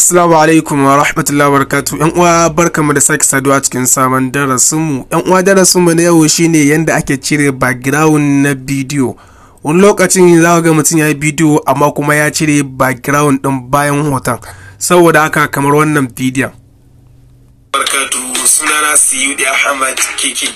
Assalamu alaikum wa rahmatullahi wa barakatuh. ‘Yan uwa barkamu da sake saduwa cikin sabon darasinmu. ‘Yan uwa darasinmu na yau shine yadda ake cire background na bidiyo. Wani lokacin za ga mutum ya yi bidiyo amma kuma ya cire background ɗin bayan hoton. Saboda haka kamar wannan bidiyon. Barkatu sunana Siyudi Ahmad Kiki.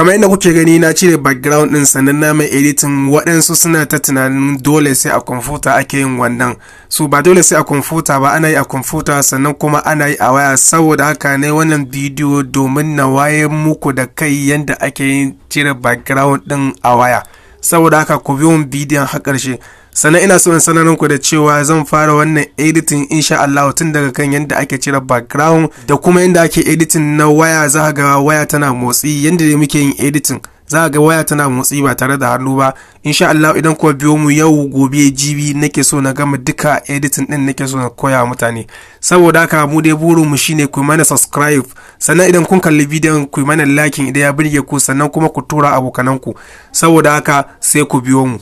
kamar inda kuke gani na cire background din sannan na mai editing waɗansu suna ta tunanin dole sai a kwamfuta ake yin wannan su ba dole sai a kwamfuta ba ana yi a kwamfuta sannan kuma ana yi a waya saboda haka ne wannan bidiyo domin na waye muku da kai yadda ake yin cire background din a waya saboda haka ku biyo mun bidiyon har karshe sannan ina so in sanar muku da cewa zan fara wannan editing insha Allah tun daga kan yanda ake cire background da kuma yadda ake editing na waya za ga waya tana motsi yadda muke yin editing za ga waya tana motsi ba tare da hannu ba insha Allah idan kuwa biyo mu yau gobe jibi nake so na gama duka editing din nake so na koya mutane saboda haka mu dai burin mu shine ku mana subscribe sannan idan kun kalli bidiyon ku mana liking idan ya burge ku sannan kuma ku tura abokananku saboda haka sai ku biyo mu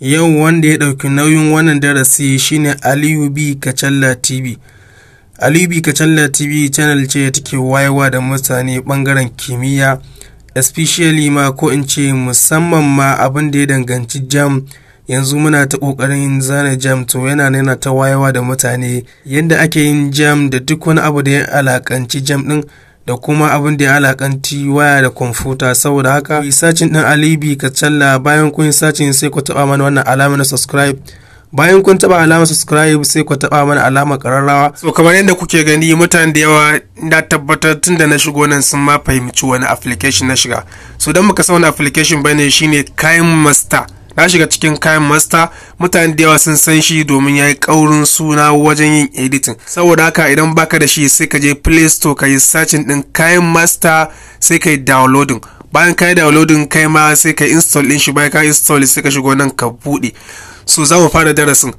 Yau wanda ya ɗauki nauyin wannan darasi shine Aliyu B. Kacalla TV. Aliyu B. Kacalla TV channel ce take wayewa da mutane ɓangaren kimiyya, especially ma ko in ce musamman ma abin da ya danganci jam yanzu muna ta ƙoƙarin zana jam to yana nuna ta wayewa da mutane yadda ake yin jam da duk wani abu da ya alakanci jam ɗin. da kuma abin da ya alakanci waya da kwamfuta saboda haka ku sacin din alibi ka challa bayan kun sacin sai ku taba mana wannan alamar na subscribe bayan kun taba alamar subscribe sai ku taba mana alama kararrawa so kamar yadda kuke gani mutane da yawa na tabbatar tun da na shigo nan sun ma fahimci wani application na shiga so don muka san wani application bane shine kayan master na shiga cikin kayan masta mutane da yawa sun san shi domin ya yi ƙaurin suna wajen yin editing saboda haka idan baka da shi sai ka je play store ka yi searching din kayan masta sai ka yi downloading bayan ka yi downloading kai ma sai ka install din shi bayan ka install sai ka shigo nan ka buɗe so za mu fara darasin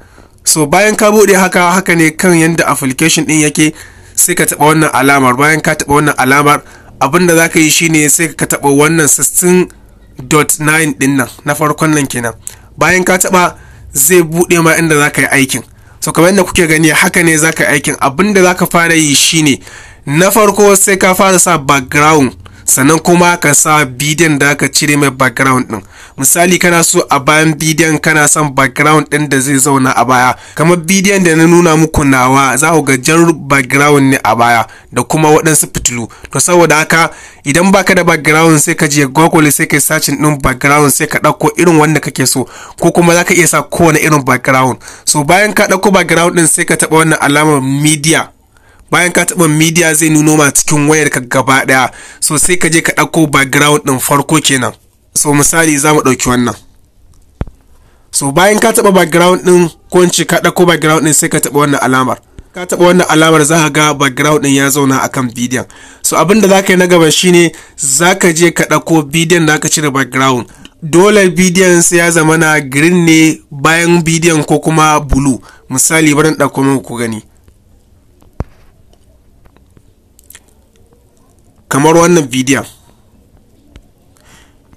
so bayan ka buɗe haka haka ne kan yadda application din yake sai ka taɓa wannan alamar bayan ka taɓa wannan alamar abinda da za ka yi shine sai ka taɓa wannan 16 dot 9 din nan na farkon nan kenan bayan ka taba zai bude ma inda zaka yi aikin so kamar yadda kuke gani haka ne zaka yi aikin abinda zaka fara yi shine na farko sai ka fara sa background sannan kuma ka sa bidiyon da aka cire mai background din misali kana so a bayan bidiyon kana son background din da zai zauna a baya kamar bidiyon da na nuna muku nawa za ku ga jan background ne a baya da kuma waɗansu fitilu to saboda haka idan baka da background sai ka je google sai ka yi searching din background sai ka ɗauko irin wanda kake so ko kuma za ka iya sa kowane irin background so bayan ka ɗauko background din sai ka taɓa wannan alamar media bayan ka taɓa media zai nuno ma cikin wayarka ka gaba ɗaya so sai ka je ka ɗauko background ɗin farko kenan so misali za mu ɗauki wannan so bayan ka taɓa background ɗin ko in ce ka ɗauko background ɗin sai ka taɓa wannan alamar ka taɓa wannan alamar za ka ga background ɗin ya zauna akan bidiyon so abin da za ka yi na gaba shine za ka je ka ɗauko bidiyon da aka cire background dole bidiyon sai ya zama na green ne bayan bidiyon ko kuma blue misali barin ɗauko ku gani kamar wannan bidiyon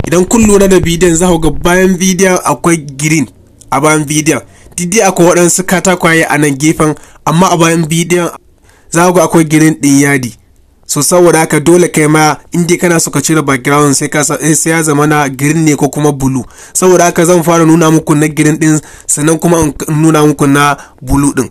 idan kun lura da bidiyon za ku ga bayan bidiyon akwai green a bayan bidiyon didi akwai waɗansu katakwaye a nan gefen amma a bayan bidiyon za ku ga akwai green ɗin yadi so saboda haka dole kai ma inda kana so ka cire background sai ka eh, sai ya zama na green ne ko kuma blue saboda haka zan fara nuna muku na green din sannan kuma in nuna muku na blue din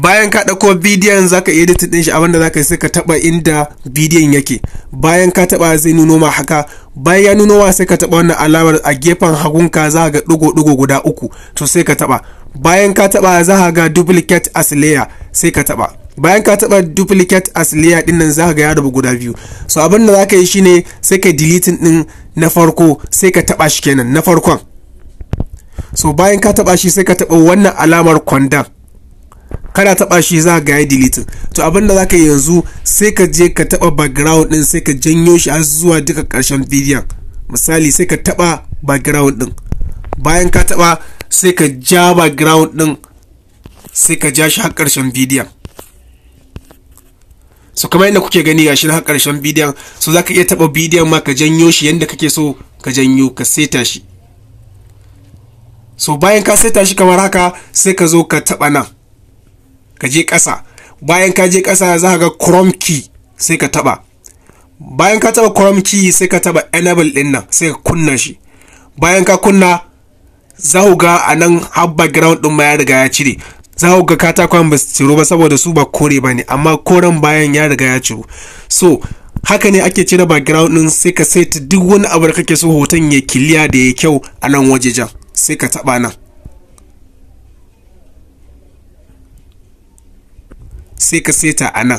bayan ka ɗauko bidiyon za ka edit ɗin shi abinda za ka yi sai ka taɓa inda bidiyon yake bayan ka taɓa zai nuno ma haka bayan ya nuno ma sai ka taɓa wannan alamar a gefen hagunka za ka ga ɗigo-ɗigo guda uku to sai ka taɓa bayan ka taɓa za ka ga duplicate as layer sai ka taɓa bayan ka taɓa duplicate as layer ɗin nan za ka ga ya rabu guda biyu so abin da za ka yi shine sai ka delete ɗin na farko sai ka taɓa shi kenan na farkon so bayan ka taɓa shi sai ka taɓa wannan alamar condemn kada taba shi za ga ya deleting to abin da zaka yanzu sai ka je ka taba background din sai ka janyo shi har zuwa duka karshen bidiyon misali sai ka taba background din bayan ka taba sai ka ja background din sai ka ja shi har karshen bidiyon so kamar yadda kuke gani gashi har karshen bidiyon so zaka iya taba bidiyon ma ka janyo shi yanda kake so ka janyo ka seta shi so bayan ka seta shi kamar haka sai ka zo ka taba nan ka je ƙasa bayan ka je ƙasa za ka ga chrome key sai ka taɓa bayan ka taɓa chrome sai ka taba enable ɗin nan sai ka kunna shi bayan ka kunna za ku ga a nan har background ɗin ma ya riga ya cire za ku ga katakon ba su ciro ba saboda su ba kore ba ne amma koren bayan ya riga ya ciro so haka ne ake cire background ɗin sai ka saita duk wani abu da kake so hoton ya kiliya da ya kyau a nan wajejen sai ka taba nan sai ka seta a nan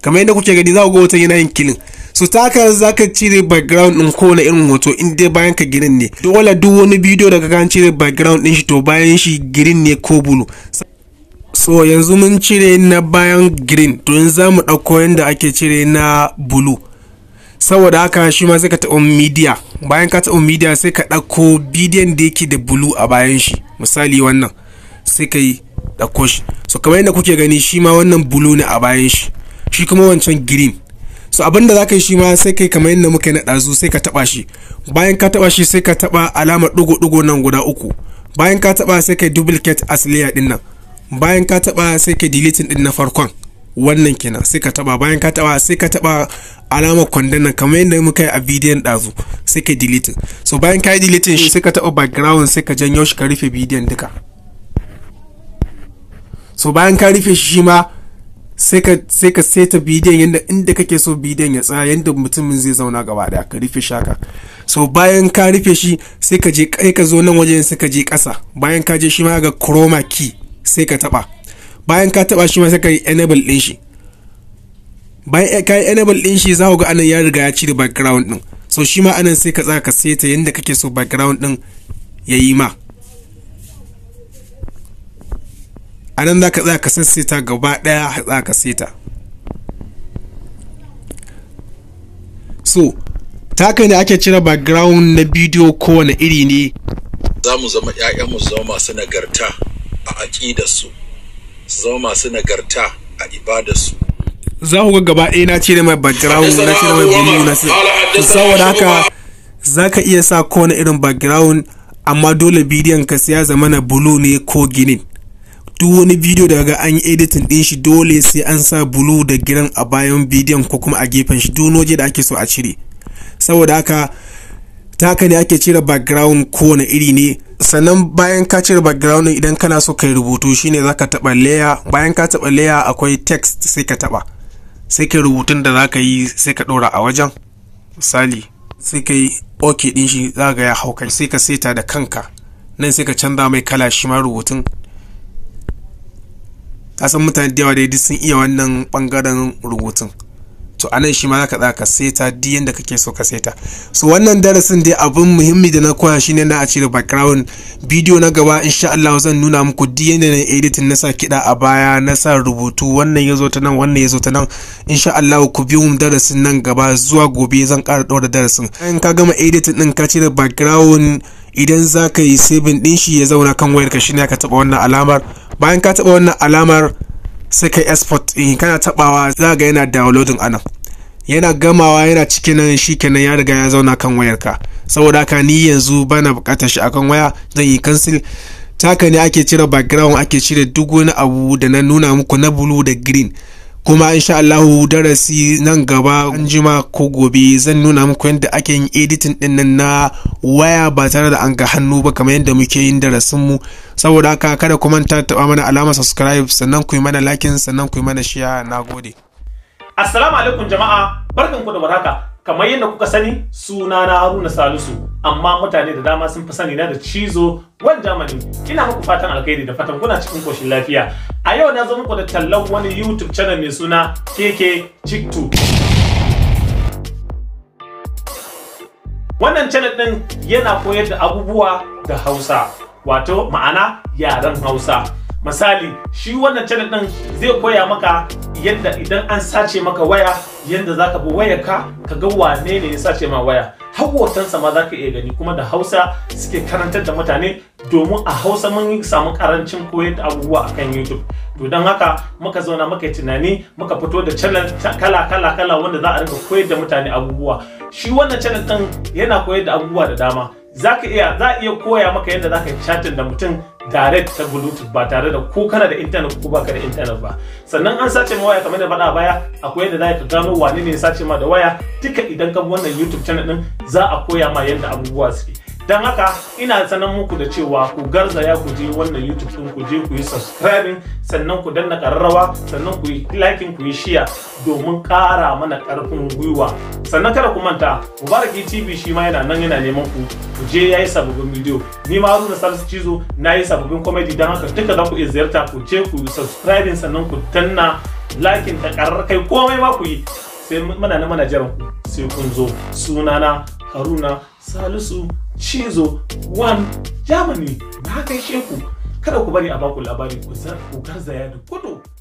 kamar yadda kuke gani za ku ga hoton yana yin kilin so ta haka za ka cire background ko kowane irin hoto in dai bayan ka girin ne dole duk wani bidiyo da ka cire background din shi to bayan shi girin ne ko bulu so yanzu mun cire na bayan green to yanzu za mu ɗauko yadda ake cire na bulu saboda haka shi ma sai ka taɓa media bayan ka taɓa media sai ka ɗauko bidiyon da yake da bulu a bayan shi misali wannan sai ka yi ɗauko shi so kamar yadda kuke gani shi ma wannan blue ne a bayan shi shi kuma wancan green so abin da zaka yi shi ma sai kai kamar yadda muka na ɗazu sai ka taɓa shi bayan ka taɓa shi sai ka taɓa alamar ɗigo-ɗigo nan guda uku bayan ka taɓa sai kai duplicate as layer ɗin nan bayan ka taɓa sai kai deleting ɗin na farkon wannan kenan sai ka taɓa bayan ka taɓa sai ka taɓa alamar kwandon nan kamar yadda muka yi a bidiyon ɗazu sai kai deleting so bayan ka yi deleting sai ka taɓa background sai ka janyo shi ka rufe bidiyon duka so bayan ka rufe shi shi ma sai ka seta bidiyon yadda inda kake so bidiyon ya tsaya yadda mutumin zai zauna gaba daya ka rufe shaka so bayan ka rufe shi sai ka je kai ka zo nan wajen sai ka je kasa bayan ka je shi ma ga chroma key sai ka taba bayan ka taba shi ma sai ka yi enable din shi bayan eh, ka yi enable din shi za ku ga anan ya riga ya cire background din so shi ma anan sai ka tsaya ka seta yadda kake so background din ya yi ma a nan za ka tsaya ka sasseta gaba ɗaya za ka seta so taka ne ake cire background na bidiyo kowane iri ne za mu zama mu zama masu nagarta a aƙidarsu su zama masu nagarta a ibadarsu za ku ga gaba ɗaya na cire mai background na cire mai bulu na saboda haka za ka iya sa kowane irin background amma dole bidiyon ka ya zama na bulu ne ko ginin duk wani bidiyo daga an yi editin din shi dole sai an sa blue da giran a bayan bidiyon ko kuma a gefen shi duk waje da ake so a cire saboda haka ta ne ake cire background kowane iri ne sannan bayan ka cire background idan kana so kai rubutu shine zaka taba layer bayan ka taba layer akwai text sai ka taba sai kai rubutun da zaka yi sai ka dora a wajen misali sai ka yi ok din shi zaka ya hauka sai ka seta da kanka nan sai ka canza mai kala shi ma rubutun ka san mutane da yawa da duk sun iya wannan bangaren rubutun to anan shi ma zaka ka seta duk yanda kake so ka seta so wannan darasin dai abin muhimmi da na koya shine na a cire background video na gaba insha Allah zan nuna muku duk yanda na editing na sa kida a baya na sa rubutu wannan yazo ta nan wannan yazo ta nan insha Allah ku bi mu darasin nan gaba zuwa gobe zan ƙara daura darasin in ka gama editing din ka cire background idan za ka yi saving din shi ya zauna kan wayarka shine ka taba wannan alamar bayan ka taɓa wannan alamar sai ka export in kana taɓawa za ga yana downloading anan yana gamawa yana cikin nan shi kenan ya riga ya zauna kan wayar ka saboda haka ni yanzu bana bukatar shi akan waya zan yi cancel taka ne ake cire background ake cire duk wani abu da na nuna muku na blue da green kuma insha Allahu darasi nan gaba an ko gobe zan nuna muku yadda ake yin editin din na waya ba tare da an ga hannu ba kamar yadda muke yin darasin mu saboda haka kada ku manta taɓa mana alamar subscribe sannan ku yi mana like sannan ku yi mana share nagode assalamu alaikum jama'a barkanku da baraka kamar yadda kuka sani sunana Haruna Salisu amma mutane da dama sun fi sani na da cizo wan jamani ina muku fatan alkhairi da fatan kuna cikin koshin lafiya a yau na zo muku da tallan wani youtube channel mai suna keke chick wannan channel din yana koyar da abubuwa da hausa wato ma'ana yaren hausa misali shi wannan channel din zai koya maka yadda idan an sace maka waya yadda zaka bi wayarka ka ga wane ne ya sace ma waya hawotarsa ma za ka iya gani kuma da hausa suke karantar da mutane domin a hausa mun samu karancin koyar da abubuwa akan youtube to don haka muka zauna muka yi tunani muka fito da channel kala kala kala wanda za a rika koyar da mutane abubuwa shi wannan channel din yana koyar da abubuwa da dama za ka iya za a iya koya maka yadda za ka yi chatting da mutum direct ta bluetooth ba tare da ko kana da internet ko baka da internet ba sannan an sace ma waya kamar da faɗa baya akwai yadda za ka gano wani ne ya sace ma da waya duka idan ka bi wannan youtube channel din za a koya ma yadda abubuwa suke don haka ina sanan muku da cewa ku garzaya ku je wannan youtube din ku je ku yi subscribing sannan ku danna ƙararrawa, sannan ku yi liking ku yi share domin ƙara mana ƙarfin gwiwa sannan kada ku manta mubaraki e tv shi ma yana nan yana neman ku ku je yayi sababbin bidiyo ni ma haruna salisu cizo na yi sababbin comedy don haka duka za ku iya ziyarta ku je ku yi subscribing sannan ku danna liking ta karar kai komai ma ku yi sai muna na manajan ku sai kun zo sunana haruna salisu cizo one germany na kai ku kada ku bari a baku labari ku garzaya da kudu